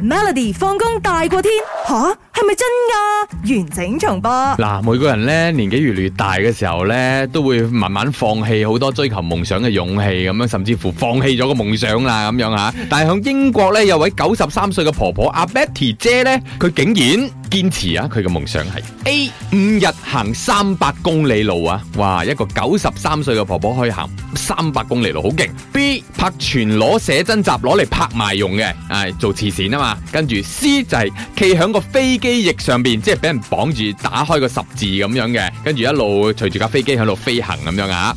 Melody 放工大過天，吓？係咪真㗎？完整重播。嗱，每個人咧年紀越嚟越大嘅時候咧，都會慢慢放棄好多追求夢想嘅勇氣咁樣，甚至乎放棄咗個夢想啦咁樣吓。但係響英國咧，有位九十三歲嘅婆婆阿 Betty 姐咧，佢竟然。堅持啊！佢嘅夢想係 A 五日行三百公里路啊！哇，一個九十三歲嘅婆婆可以行三百公里路，好勁！B 拍全裸寫真集攞嚟拍賣用嘅，係、哎、做慈善啊嘛。跟住 C 就係企響個飛機翼上邊，即係俾人綁住打開個十字咁樣嘅，跟住一路隨住架飛機喺度飛行咁樣啊！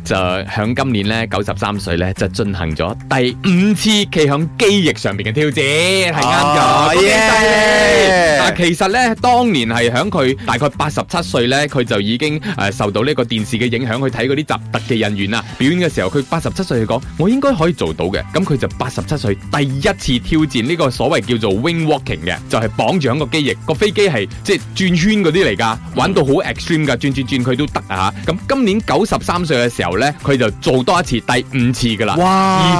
就喺今年咧九十三歲咧就進行咗第五次企響機翼上邊嘅挑戰，係啱嘅。哇！真犀利。但係其實咧，當年係響佢大概八十七歲咧，佢就已經誒受到呢個電視嘅影響，去睇嗰啲集特技人員啊表演嘅時候，佢八十七歲嚟講，我應該可以做到嘅。咁佢就八十七歲第一次挑戰呢個所謂叫做 wing walking 嘅，就係綁住響個機翼，個飛機係即係轉圈嗰啲嚟噶，玩到好 extreme 噶，轉轉轉佢都得啊吓。咁今年九十三歲嘅時候咧。佢就做多一次第五次噶啦，哇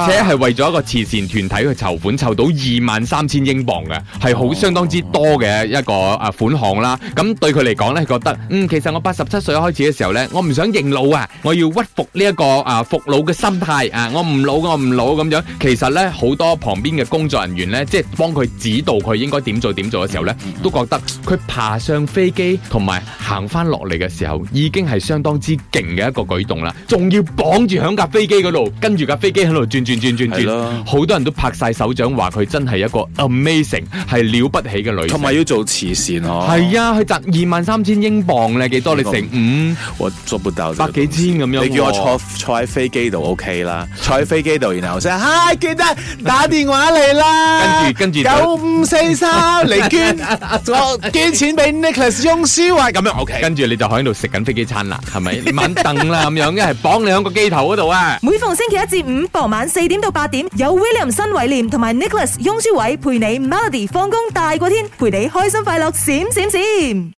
而且係為咗一個慈善團體去籌款，籌到二萬三千英鎊嘅，係好相當之多嘅一個啊款項啦。咁對佢嚟講呢，覺得嗯，其實我八十七歲開始嘅時候呢，我唔想認老啊，我要屈服呢、這、一個啊服老嘅心態啊，我唔老我唔老咁樣。其實呢，好多旁邊嘅工作人員呢，即係幫佢指導佢應該點做點做嘅時候呢，都覺得佢爬上飛機同埋行翻落嚟嘅時候，已經係相當之勁嘅一個舉動啦，仲要綁住響架飛機嗰度，跟住架飛機喺度轉轉轉轉轉，好了多人都拍晒手掌，話佢真係一個 amazing，係了不起嘅女，同埋要做慈善囉、哦，係啊，佢賺二萬三千英鎊咧，幾多你成五，嗯、我做不到，百幾千咁樣。你叫我坐、哦、坐喺飛機度 OK 啦，坐喺飛機度，然後我先、啊，記得打電話嚟啦， 跟住跟住九五四三嚟捐， 捐錢俾 Nicholas 庸書慧、啊、咁樣 OK，跟住你就喺度食緊飛機餐啦，係咪？搵凳啦咁樣，因為 幫你喺個機頭嗰度啊！每逢星期一至五傍晚四點到八點，有 William 新偉廉同埋 Nicholas 翁舒偉陪你 Melody 放工大過天，陪你開心快樂閃閃閃，閃閃閃。